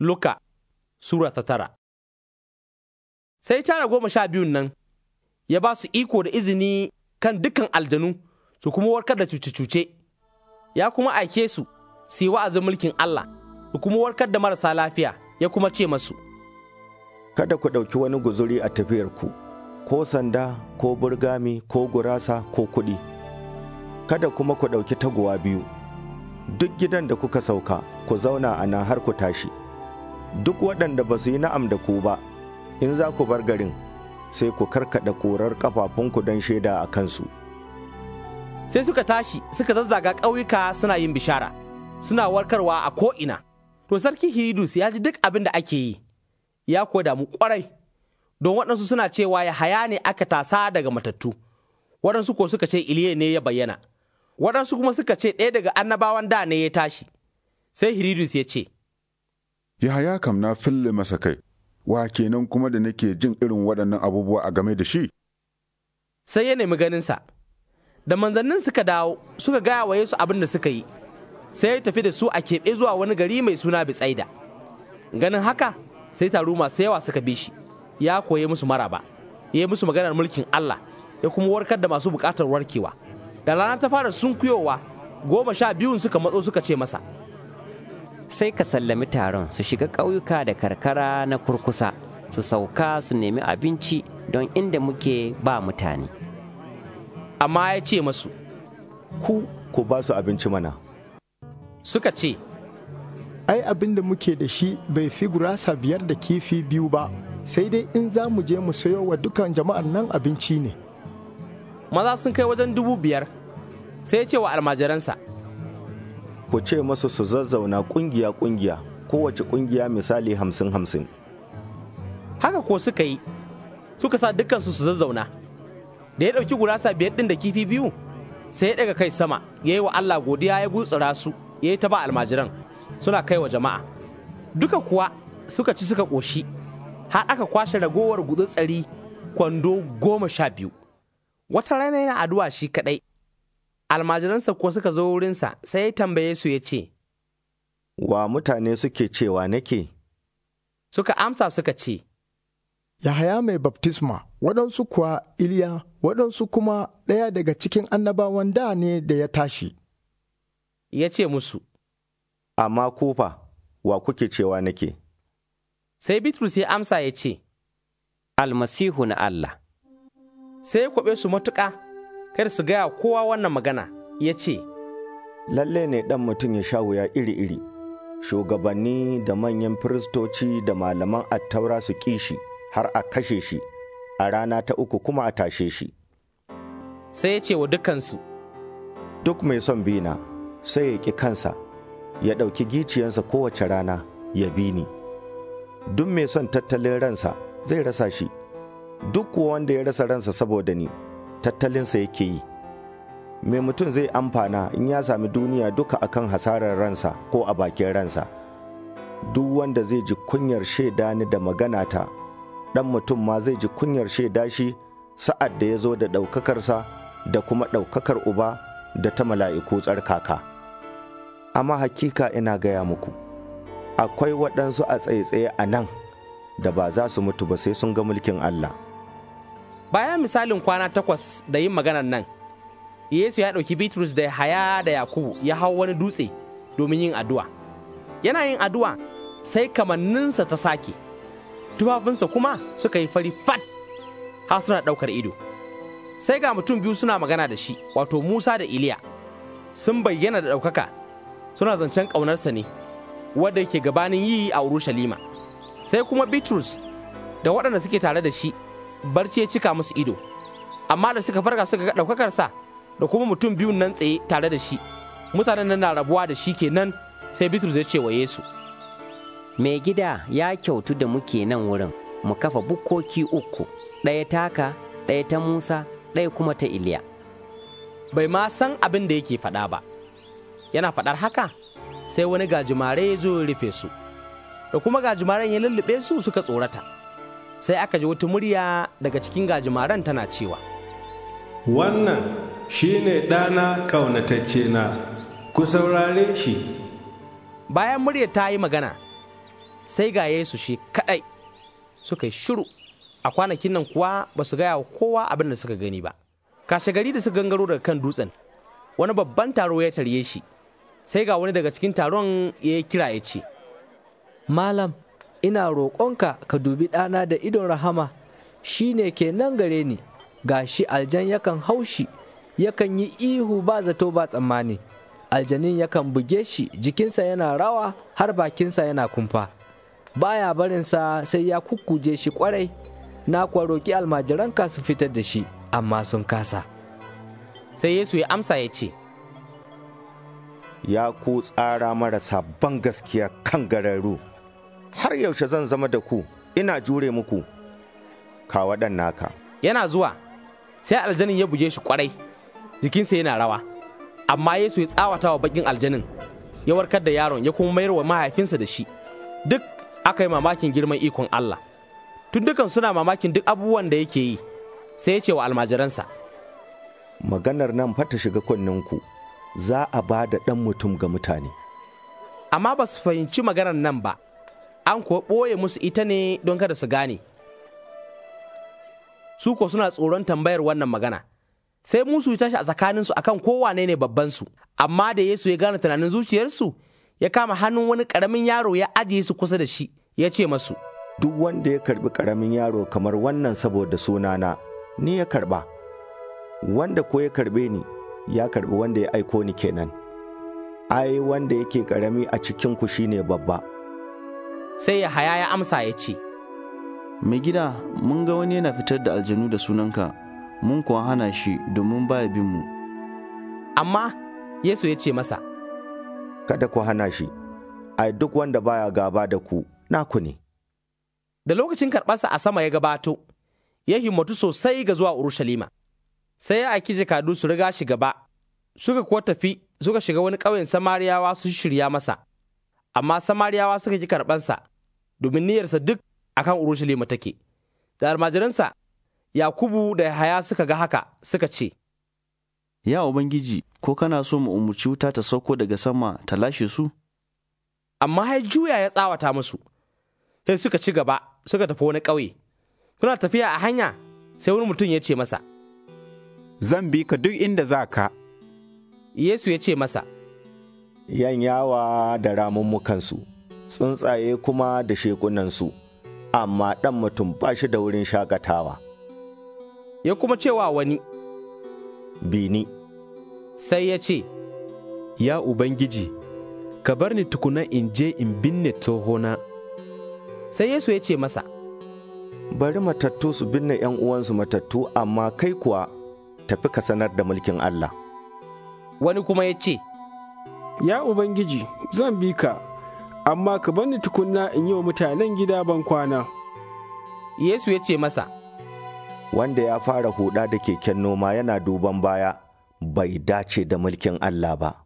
Luka Sura ta tara Sai tara goma sha biyun nan ya ba su iko da izini kan dukan aljanu su kuma warkar da cuce-cuce, ya kuma aike su su yi wa'azin mulkin Allah su kuma warkar da marasa lafiya ya kuma ce masu. Kada ku ɗauki wani guzuri a tafiyarku, ko sanda, ko burgami, ko gurasa, ko kuɗi. Kada kuma ku ɗauki taguwa biyu, duk gidan da kuka sauka, ku zauna a har ku tashi. duk waɗanda ba su yi na'am da ku ba in za ku bar garin sai ku karkaɗa korar ƙafafunku don shaida a kansu sai suka tashi suka zazzaga ƙauyuka suna yin bishara suna warkarwa a ko'ina to sarki hidus ya ji duk abin da ake yi ya ko damu kwarai, don waɗansu suna cewa ya haya ne aka tasa daga matattu waɗansu ko suka ce iliya ne ya bayyana waɗansu kuma suka ce ɗaya daga annabawan da ne ya tashi sai Hidus ya ce Yahaya kam na fille masa kai, wa kenan kuma da nake jin irin waɗannan abubuwa a game da shi? Sai ya nemi ganinsa, da manzannin suka dawo suka gaya wa Yesu abin da suka yi, sai ya tafi da su a keɓe zuwa wani gari mai suna Bitsaida. Ganin haka sai taru masu yawa suka bi shi, ya koye musu maraba, ya yi musu maganar mulkin Allah, ya kuma warkar da masu bukatar warkewa. Da rana ta fara sunkuyowa, goma sha biyun suka matso suka ce masa, sai ka sallami taron su shiga ƙauyuka da karkara na kurkusa su sauka su nemi abinci don inda muke ba mutane amma ya ce masu ku ku ba su abinci mana suka ce ai abin da muke da shi bai fi gurasa biyar da kifi biyu ba sai dai in za mu je mu sayo wa dukan jama'ar nan abinci ne maza sun kai wajen dubu biyar sai ya ce wa almajiransa ku ce masu su zazzauna kungiya-kungiya kowace kungiya misali hamsin-hamsin. Haka ko suka yi, suka sa dukansu su zazzauna. Da ya ɗauki gurasa biyar ɗin da kifi biyu, sai ya ɗaga kai sama, ya yi wa Allah godiya ya gutsura su, ya yi ta ba almajiran, suna kai wa jama'a. Duka kuwa suka ci suka ƙoshi, har aka kwashe ragowar gudu tsari kwando goma sha biyu. Wata rana yana addu'a shi kaɗai. almajiransa kuwa suka zo wurinsa sai ya tambaye su ya ce, Wa mutane suke cewa nake? Suka amsa suka ce, Yahaya mai baptisma waɗansu kuwa Iliya, waɗansu kuma ɗaya daga cikin annabawan da ne da ya tashi. Ya ce musu, Amma kofa, wa kuke cewa nake? Sai Bitrus ya amsa ya ce, Almasihu na Allah. Sai ya kwaɓe su matuƙa. kada su gaya kowa wannan magana ya ce lalle ne ɗan mutum ya sha wuya iri-iri shugabanni da manyan firistoci da malaman attaura su ƙi shi har a kashe shi a rana ta uku kuma a tashe shi sai ya ce wa dukansu duk mai son bina sai ya ki kansa ya ɗauki giciyansa kowace rana ya bi ni duk mai son tattalin ransa zai rasa shi duk wanda ya rasa ransa saboda ni tattalinsa yake yi mai mutum zai amfana in ya sami duniya duka akan hasarar ransa ko a bakin ransa duk wanda zai ji kunyar shaida ni da magana ta, ɗan mutum ma zai ji kunyar shaida shi sa'ad da ya zo da ɗaukakarsa da kuma ɗaukakar uba da ta mala'iku tsarkaka amma hakika ina gaya muku akwai waɗansu a tsaye-tsaye a nan da ba za su mutu ba sai sun ga mulkin Allah. bayan misalin kwana takwas da yin maganar nan yesu ya ɗauki bitrus da haya da yakubu ya hau wani dutse domin yin addu'a yana yin addu'a sai kamanninsa ta sake tufafinsa kuma suka yi fari fat har suna ɗaukar ido sai ga mutum biyu suna magana da shi wato musa da iliya sun bayyana da ɗaukaka suna zancen ƙaunarsa ne wadda ke gabanin yi a urushalima sai kuma bitrus da waɗanda suke tare da shi barci ya cika musu ido amma da suka farka suka ga ɗaukakarsa da kuma mutum biyun nan tsaye tare da shi mutanen nan na rabuwa da shi kenan sai bitrus ya ce wa yesu mai gida ya kyautu da muke nan wurin mu kafa bukkoki uku ɗaya taka ɗaya ta musa ɗaya kuma ta iliya bai ma san abin da yake faɗa ba yana faɗar haka sai wani gajimare ya zo ya rufe su da kuma gajimaren ya lullube su suka tsorata sai aka ji wata murya daga cikin gajimaran tana cewa wannan shine ɗana ƙaunatacce na ku saurare shi bayan murya ta yi magana sai ga yesu shi kaɗai suka yi shiru a kwanakin nan kuwa ba su gaya wa kowa abin da suka gani ba kashe gari da suka gangaro daga kan dutsen wani babban taro ya tarye shi sai ga wani daga cikin taron ya kira ya ce malam ina roƙonka ka dubi ɗana da idon rahama shi ne ke nan gare ni gashi aljan yakan haushi yakan yi ihu ba zato ba tsammani aljanin yakan buge shi jikinsa yana rawa har bakinsa yana kumfa baya barinsa sai ya kukkuje shi kwarai na kuwa roƙi almajiranka su fitar da shi amma sun kasa sai yesu ya amsa ya ce ya ku tsara marasa ban gaskiya kan gararru har yaushe zan zama da ku ina jure muku kawa ɗan naka yana zuwa sai aljanin ya buge shi kwarai jikinsa yana rawa amma yesu ya tsawata wa bakin aljanin ya warkar da yaron ya kuma mayar wa mahaifinsa da shi duk aka yi mamakin girman ikon allah tun dukan suna mamakin duk abubuwan da yake yi sai ya ce wa almajiransa maganar nan fata shiga kunninku za a ba da ɗan mutum ga mutane amma ba su fahimci maganar nan ba an kuwa ɓoye musu ita ne don kada su gane. Su ko suna tsoron tambayar wannan magana. Sai musu ya tashi a tsakaninsu a kan kowane ne babbansu, amma da Yesu ya gane tunanin zuciyarsu, ya kama hannun wani ƙaramin yaro ya ajiye su kusa da shi, ya ce masu. Duk wanda ya karbi ƙaramin yaro kamar wannan saboda sunana, ni ya karba. Wanda ko ya karbe ni, ya karbi wanda ya aiko ni kenan. Ai, wanda yake ƙarami a cikinku shine babba. sai ya haya ya amsa ya ce, Mai gida mun ga wani yana fitar da aljanu da sunanka, mun kuwa hana shi domin baya bin mu. Amma Yesu ya ce masa, Kada ku hana shi, ai duk wanda baya gaba da ku, naku ne. Da lokacin karɓarsa a sama ya gabato, ya himmatu sosai ga zuwa Urushalima, sai ya aiki jakadu su riga shi gaba, suka kuwa tafi suka shiga wani ƙauyen Samariyawa su shirya masa. amma samariyawa suka ki karɓansa domin niyyarsa duk a kan urushalima take da almajiransa yakubu da yahaya suka ga haka suka ce ya ubangiji ko kana so mu umarci wuta ta sauko daga sama ta lashe su amma hai juya ya tsawata musu sai suka ci gaba suka tafi wani ƙauye suna tafiya a hanya sai wani mutum ya ce masa zan bi ka duk inda za ka yesu ya ce masa yanyawa da ramummukansu, tsuntsaye kuma da shekunansu, amma ɗan mutum ba shi da wurin shakatawa. Ya kuma cewa wani, Bini, sai ya ce, Ya Ubangiji, ka bar ni tukuna in je in binne tsohona. Sai Yesu ya ce masa, Bari matattu su binne ‘yan uwansu matattu, amma kai kuwa tafi ka sanar da mulkin Allah. Wani kuma ya ce, Ya Ubangiji, zan bi ka, amma ka bani tukunna in yi wa mutanen gida ban kwana. Yesu ya ce masa, Wanda ya fara huda da keken noma yana duban baya, bai dace da mulkin Allah ba.